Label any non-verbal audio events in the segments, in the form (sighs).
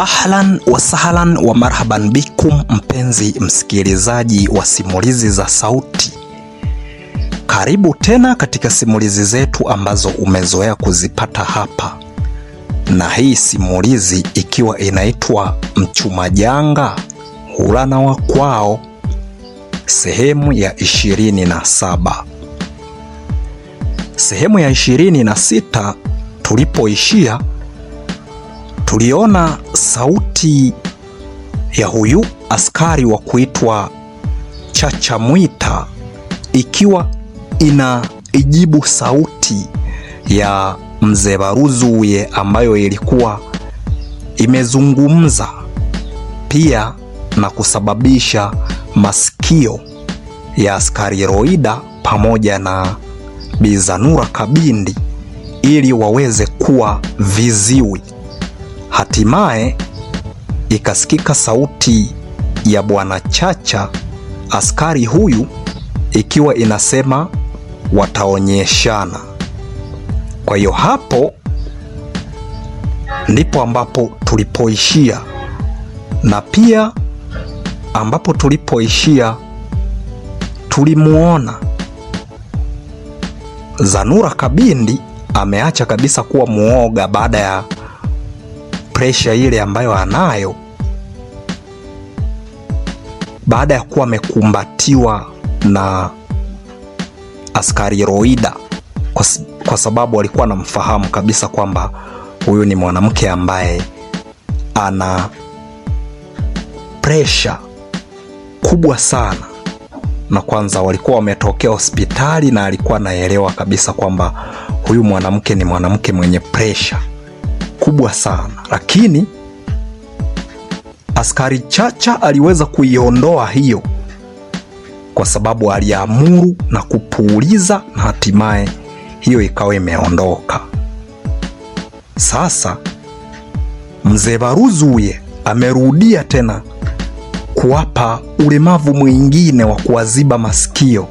Ahlan wa sahlan wa marhaban bikum, mpenzi msikilizaji wa simulizi za sauti, karibu tena katika simulizi zetu ambazo umezoea kuzipata hapa, na hii simulizi ikiwa inaitwa Mchuma Janga Hula na Wakwao, sehemu ya saba. Sehemu ya sita tulipoishia tuliona sauti ya huyu askari wa kuitwa Chacha Mwita ikiwa ijibu sauti ya mzee Baruzuye ambayo ilikuwa imezungumza pia na kusababisha masikio ya askari Roida pamoja na Bizanura Kabindi ili waweze kuwa viziwi. Hatimaye ikasikika sauti ya Bwana Chacha, askari huyu, ikiwa inasema wataonyeshana. Kwa hiyo hapo ndipo ambapo tulipoishia, na pia ambapo tulipoishia tulimuona Zanura Kabindi ameacha kabisa kuwa muoga baada ya presha ile ambayo anayo baada ya kuwa amekumbatiwa na askari Roida kwa, kwa sababu alikuwa anamfahamu kabisa kwamba huyu ni mwanamke ambaye ana presha kubwa sana, na kwanza walikuwa wametokea hospitali na alikuwa anaelewa kabisa kwamba huyu mwanamke ni mwanamke mwenye pressure kubwa sana, lakini askari Chacha aliweza kuiondoa hiyo kwa sababu aliamuru na kupuuliza, na hatimaye hiyo ikawa imeondoka. Sasa mzee Baruzuye amerudia tena kuwapa ulemavu mwingine wa kuwaziba masikio,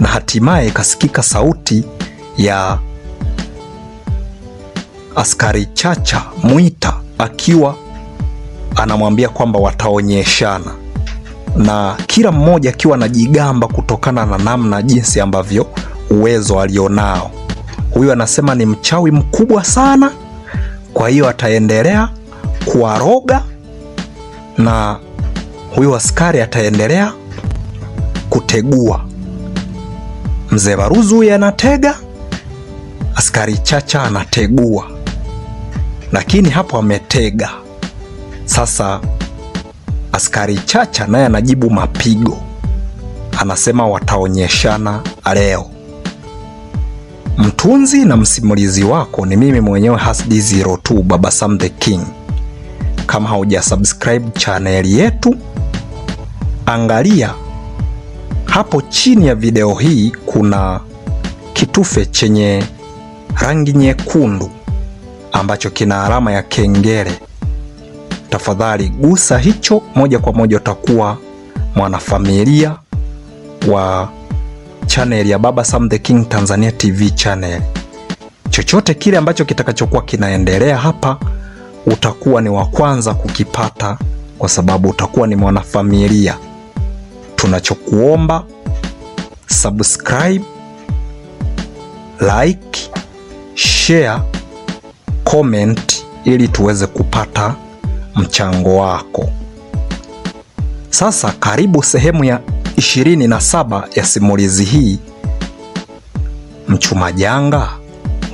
na hatimaye ikasikika sauti ya askari Chacha Mwita akiwa anamwambia kwamba wataonyeshana na kila mmoja akiwa anajigamba kutokana na namna jinsi ambavyo uwezo alionao. Huyu anasema ni mchawi mkubwa sana, kwa hiyo ataendelea kuwaroga, na huyu askari ataendelea kutegua. Mzee Baruzu huyu anatega, askari Chacha anategua lakini hapo ametega. Sasa askari Chacha naye anajibu mapigo, anasema wataonyeshana leo. Mtunzi na msimulizi wako ni mimi mwenyewe Hasdi02 Baba Sam the King. Kama hauja subscribe chaneli yetu, angalia hapo chini ya video hii kuna kitufe chenye rangi nyekundu ambacho kina alama ya kengele, tafadhali gusa hicho moja kwa moja, utakuwa mwanafamilia wa chaneli ya Baba Sam the King Tanzania TV channel. Chochote kile ambacho kitakachokuwa kinaendelea hapa utakuwa ni wa kwanza kukipata, kwa sababu utakuwa ni mwanafamilia. Tunachokuomba subscribe, like, share comment ili tuweze kupata mchango wako. Sasa karibu sehemu ya 27 ya simulizi hii. Mchuma janga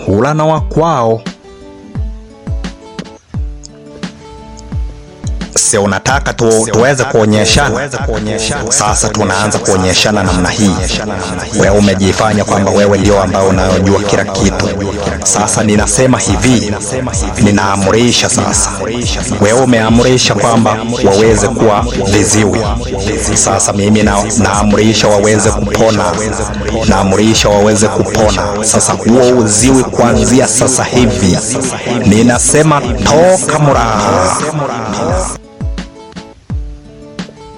hula na wakwao. unataka tu, tuweze kuonyeshana. Sasa tunaanza kuonyeshana namna hii, wewe umejifanya kwamba wewe ndio ambayo unayojua kila kitu. Sasa ninasema hivi, ninaamrisha sasa, wewe umeamrisha kwamba waweze kuwa viziwi. Sasa mimi na, naamrisha waweze kupona, naamrisha waweze kupona. Sasa huo uziwi kuanzia sasa hivi ninasema toka muraha.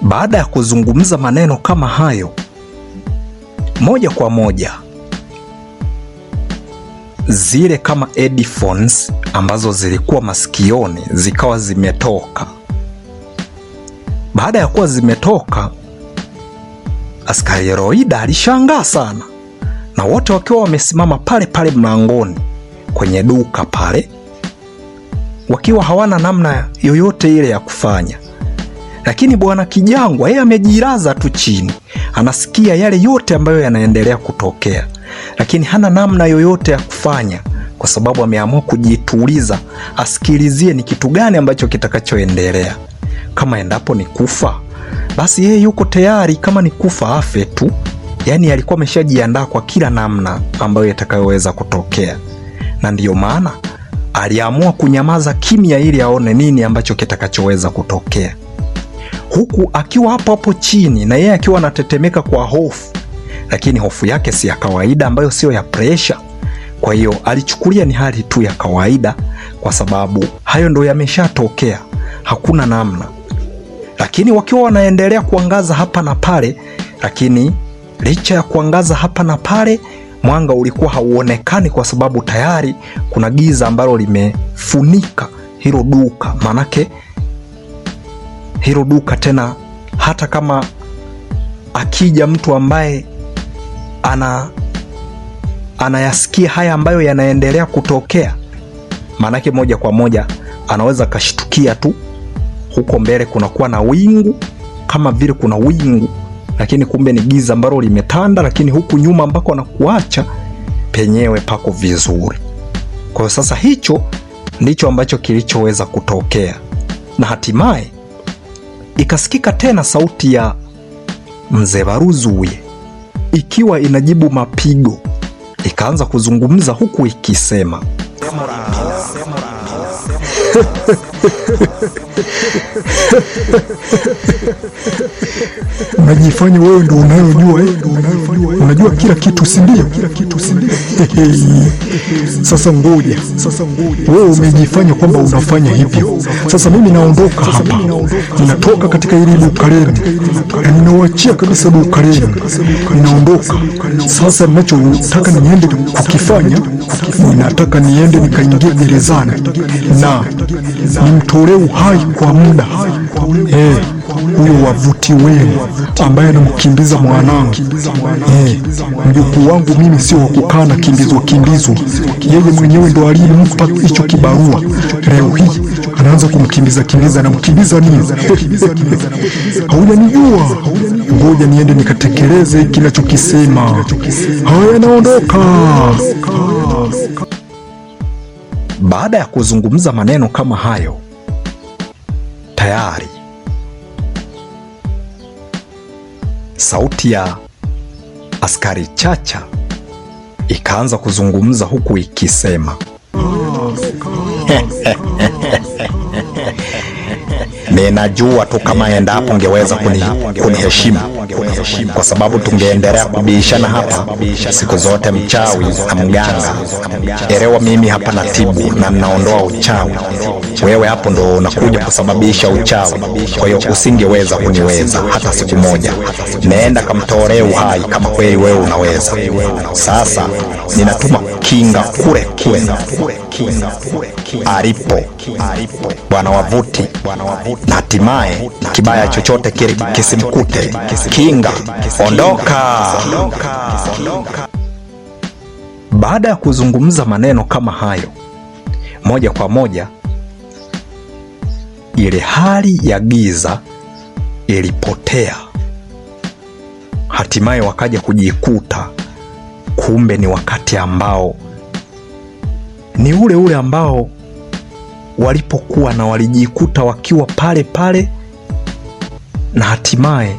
Baada ya kuzungumza maneno kama hayo, moja kwa moja zile kama headphones ambazo zilikuwa masikioni zikawa zimetoka. Baada ya kuwa zimetoka, askari Roida alishangaa sana, na wote wakiwa wamesimama pale pale mlangoni kwenye duka pale, wakiwa hawana namna yoyote ile ya kufanya. Lakini bwana Kijangwa yeye amejiraza tu chini, anasikia yale yote ambayo yanaendelea kutokea, lakini hana namna yoyote ya kufanya kwa sababu ameamua kujituliza, asikilizie ni kitu gani ambacho kitakachoendelea. Kama endapo ni kufa, basi yeye yuko tayari, kama ni kufa afe tu. Yaani alikuwa ameshajiandaa kwa kila namna ambayo itakayoweza kutokea, na ndiyo maana aliamua kunyamaza kimya ili aone nini ambacho kitakachoweza kutokea huku akiwa hapo hapo chini na yeye akiwa anatetemeka kwa hofu, lakini hofu yake si ya kawaida, ambayo siyo ya presha. Kwa hiyo alichukulia ni hali tu ya kawaida, kwa sababu hayo ndo yameshatokea, hakuna namna. Lakini wakiwa wanaendelea kuangaza hapa na pale, lakini licha ya kuangaza hapa na pale, mwanga ulikuwa hauonekani, kwa sababu tayari kuna giza ambalo limefunika hilo duka, maanake hilo duka tena, hata kama akija mtu ambaye ana anayasikia haya ambayo yanaendelea kutokea, maanake moja kwa moja anaweza akashtukia tu, huko mbele kunakuwa na wingu kama vile kuna wingu, lakini kumbe ni giza ambalo limetanda, lakini huku nyuma ambako anakuacha penyewe pako vizuri. Kwa hiyo sasa, hicho ndicho ambacho kilichoweza kutokea na hatimaye ikasikika tena sauti ya mzee Baruzuye ikiwa inajibu mapigo, ikaanza kuzungumza huku ikisema Unajifanya wewe ndo unayojua, unajua kila kitu, si ndio? (laughs) Sasa ngoja wewe, umejifanya kwamba unafanya hivyo. Sasa mimi naondoka hapa, ninatoka katika hili yaani duka lenu, kabisa duka lenu, ninaondoka sasa. Ninachotaka niende kukifanya, ninataka niende nikaingia gerezani na nimtolee uhai kwa muda huyo wavuti wenu ambaye anamkimbiza mwanangu eh, mjukuu wangu mimi sio wa kukaa na kimbizwa kimbizwa. Yeye mwenyewe ndo aliyempa hicho kibarua. Leo hii anaanza kumkimbiza kimbiza, anamkimbiza nini? Haujanijua, ngoja niende nikatekeleze kinachokisema. Haya, naondoka. Baada ya kuzungumza maneno kama hayo, tayari sauti ya askari Chacha ikaanza kuzungumza huku ikisema ninajua tu kama endapo ungeweza kuniheshimu kwa sababu tungeendelea kubishana hapa siku zote, mchawi na mganga. Elewa mimi hapa na tibu na naondoa uchawi, wewe hapo ndo unakuja kusababisha uchawi. Kwa hiyo usingeweza kuniweza hata siku moja. Naenda kamtolee uhai kama kweli wewe unaweza. Sasa ninatuma kinga kule kule alipo Bwana Wavuti, na hatimaye kibaya chochote kile kisimkute. Kinga, ondoka. Baada ya kuzungumza maneno kama hayo, moja kwa moja ile hali ya giza ilipotea. Hatimaye wakaja kujikuta kumbe ni wakati ambao ni ule ule ambao walipokuwa na walijikuta wakiwa pale pale na hatimaye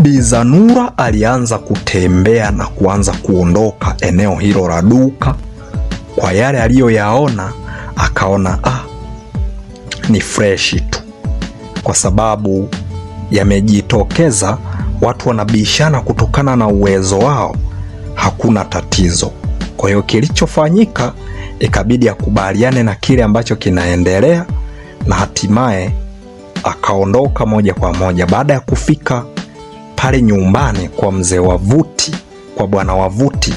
bizanura alianza kutembea na kuanza kuondoka eneo hilo la duka. Kwa yale aliyoyaona, akaona ah, ni freshi tu, kwa sababu yamejitokeza watu wanabishana kutokana na uwezo wao, hakuna tatizo. Kwa hiyo kilichofanyika, ikabidi akubaliane na kile ambacho kinaendelea, na hatimaye akaondoka moja kwa moja baada ya kufika pale nyumbani kwa mzee Wavuti, kwa bwana Wavuti,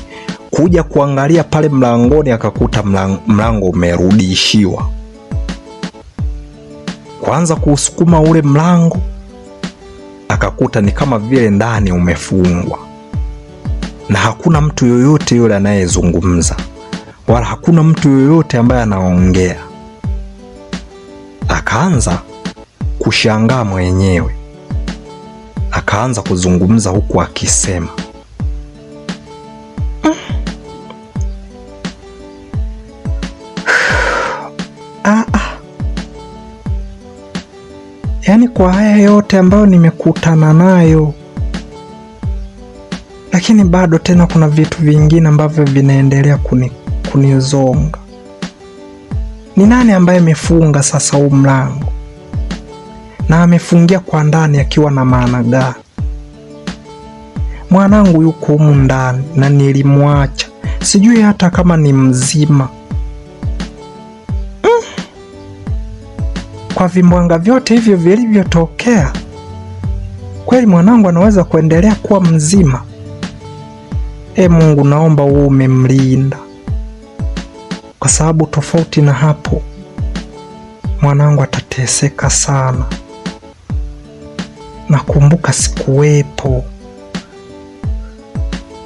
kuja kuangalia pale mlangoni, akakuta mlango umerudishiwa. Kwanza kuusukuma ule mlango, akakuta ni kama vile ndani umefungwa na hakuna mtu yoyote yule anayezungumza wala hakuna mtu yoyote ambaye anaongea. Akaanza kushangaa mwenyewe akaanza kuzungumza huku akisema mm. (sighs) ah, ah. Yaani kwa haya yote ambayo nimekutana nayo, lakini bado tena kuna vitu vingine ambavyo vinaendelea kuni, kunizonga. Ni nani ambaye amefunga sasa huu mlango? na amefungia kwa ndani, akiwa na maana gani? Mwanangu yuko humu ndani na nilimwacha, sijui hata kama ni mzima mm. Kwa vimbwanga vyote hivyo vilivyotokea, kweli mwanangu anaweza kuendelea kuwa mzima? E Mungu, naomba uwe umemlinda, kwa sababu tofauti na hapo mwanangu atateseka sana nakumbuka sikuwepo.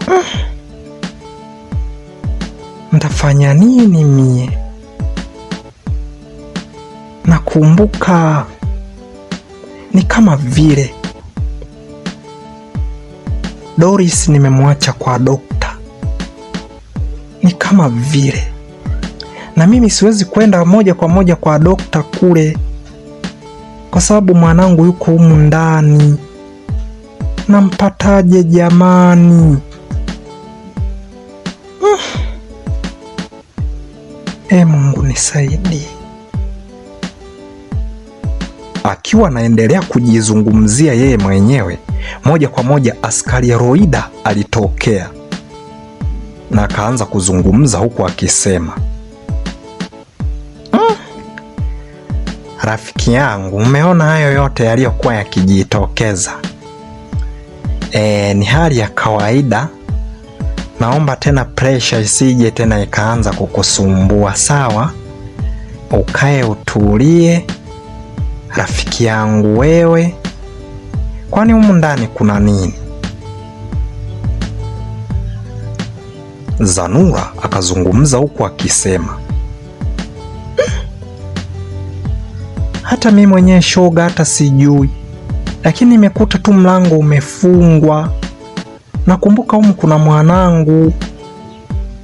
Ah. Ntafanya nini mie? Nakumbuka ni kama vile Doris nimemwacha kwa dokta, ni kama vile na mimi siwezi kwenda moja kwa moja kwa dokta kule kwa sababu mwanangu yuko humu ndani. Nampataje jamani? E Mungu nisaidie. Akiwa anaendelea kujizungumzia yeye mwenyewe, moja kwa moja askari Roida alitokea na akaanza kuzungumza huku akisema mm rafiki yangu, umeona hayo yote yaliyokuwa yakijitokeza. E, ni hali ya kawaida. Naomba tena presha isije tena ikaanza kukusumbua, sawa? Ukae utulie, rafiki yangu wewe. Kwani humu ndani kuna nini? Zanura akazungumza huku akisema hata mi mwenyewe shoga, hata sijui, lakini nimekuta tu mlango umefungwa. Nakumbuka humu kuna mwanangu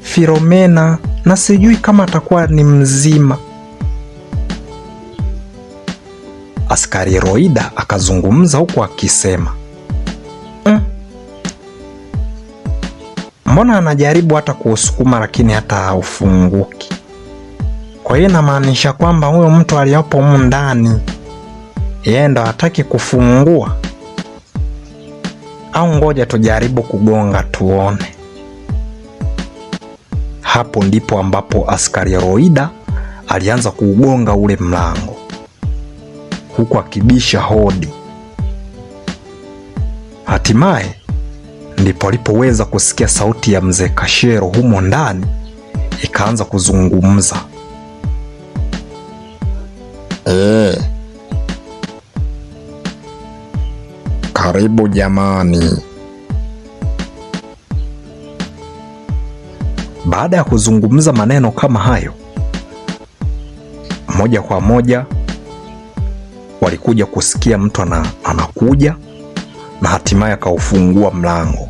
Filomena na sijui kama atakuwa ni mzima. Askari Roida akazungumza huku akisema mm, mbona anajaribu hata kuusukuma lakini hata haufunguki. Kwa hiyo inamaanisha kwamba huyo mtu aliyopo humu ndani yeye ndo hataki kufungua, au ngoja tujaribu kugonga tuone. Hapo ndipo ambapo askari Roida alianza kuugonga ule mlango huku akibisha hodi. Hatimaye ndipo alipoweza kusikia sauti ya mzee Kashero humo ndani ikaanza kuzungumza. เออ eh. karibu jamani. Baada ya kuzungumza maneno kama hayo, moja kwa moja walikuja kusikia mtu anakuja na hatimaye akaufungua mlango.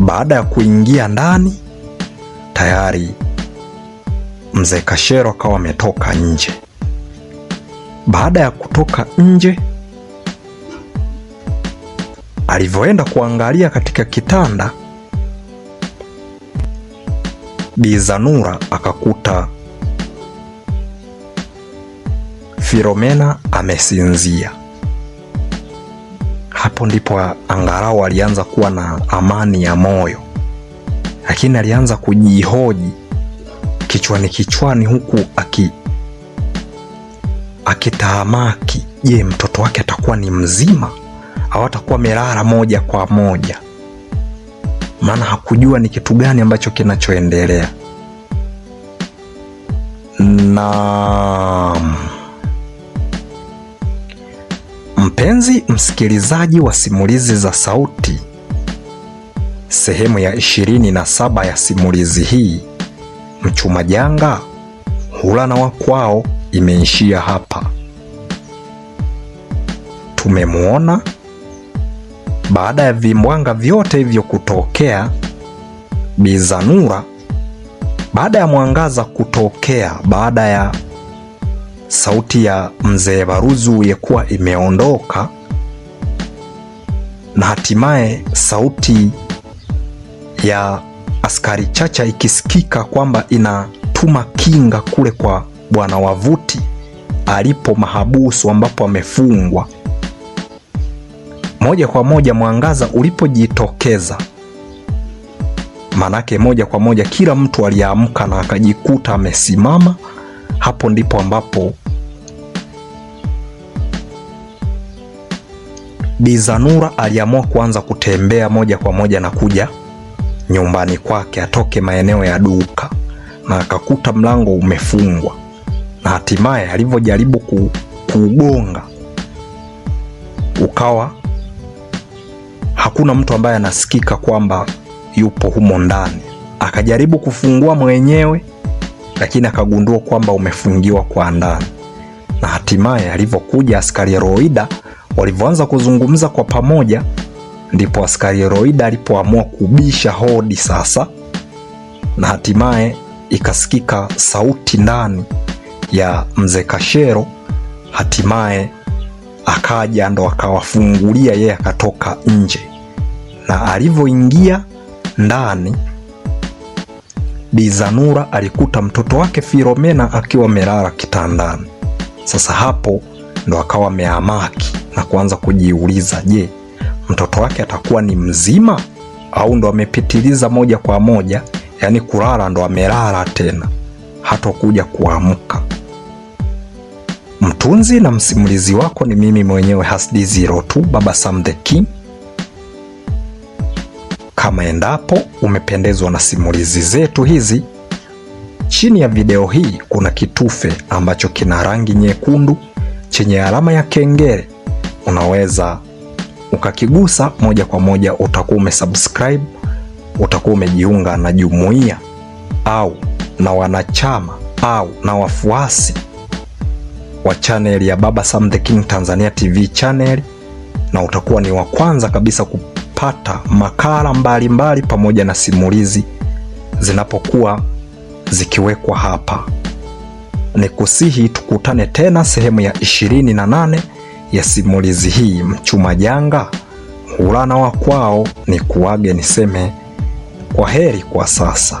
Baada ya kuingia ndani, tayari mzee Kashero akawa ametoka nje. Baada ya kutoka nje, alivyoenda kuangalia katika kitanda, Bi Zanura akakuta Filomena amesinzia. Hapo ndipo angalau alianza kuwa na amani ya moyo, lakini alianza kujihoji kichwani kichwani, huku aki akitaamaki je, mtoto wake atakuwa ni mzima au atakuwa melala moja kwa moja? Maana hakujua ni kitu gani ambacho kinachoendelea. Na mpenzi msikilizaji wa simulizi za sauti, sehemu ya ishirini na saba ya simulizi hii, mchuma janga hula na wakwao imeishia hapa. Tumemwona. Baada ya vimbwanga vyote hivyo kutokea, bizanura baada ya mwangaza kutokea, baada ya sauti ya mzee Baruzu yekuwa imeondoka na hatimaye sauti ya askari Chacha ikisikika kwamba inatuma kinga kule kwa Bwana Wavuti alipo mahabusu ambapo amefungwa, moja kwa moja mwangaza ulipojitokeza, manake moja kwa moja kila mtu aliamka na akajikuta amesimama. Hapo ndipo ambapo Bizanura aliamua kuanza kutembea moja kwa moja na kuja nyumbani kwake, atoke maeneo ya duka na akakuta mlango umefungwa na hatimaye alivyojaribu kuugonga ukawa hakuna mtu ambaye anasikika kwamba yupo humo ndani. Akajaribu kufungua mwenyewe, lakini akagundua kwamba umefungiwa kwa ndani, na hatimaye alivyokuja askari Roida walivyoanza kuzungumza kwa pamoja, ndipo askari Roida alipoamua kubisha hodi sasa, na hatimaye ikasikika sauti ndani ya mzee Kashero, hatimaye akaja ndo akawafungulia yeye, akatoka nje, na alivyoingia ndani Bizanura alikuta mtoto wake Filomena akiwa amelala kitandani. Sasa hapo ndo akawa ameamaki na kuanza kujiuliza, je, mtoto wake atakuwa ni mzima au ndo amepitiliza moja kwa moja, yaani kulala ndo amelala tena hatokuja kuamka. Mtunzi na msimulizi wako ni mimi mwenyewe Hasdi02 Baba Sam the King. Kama endapo umependezwa na simulizi zetu hizi, chini ya video hii kuna kitufe ambacho kina rangi nyekundu chenye alama ya kengele. Unaweza ukakigusa moja kwa moja, utakuwa umesubscribe, utakuwa umejiunga na jumuiya au na wanachama au na wafuasi wa chaneli ya Baba Sam the King Tanzania TV channel, na utakuwa ni wa kwanza kabisa kupata makala mbalimbali mbali pamoja na simulizi zinapokuwa zikiwekwa hapa. Nikusihi tukutane tena sehemu ya ishirini na nane ya simulizi hii. Mchuma janga hulana wa kwao ni kuage niseme kwa heri kwa sasa.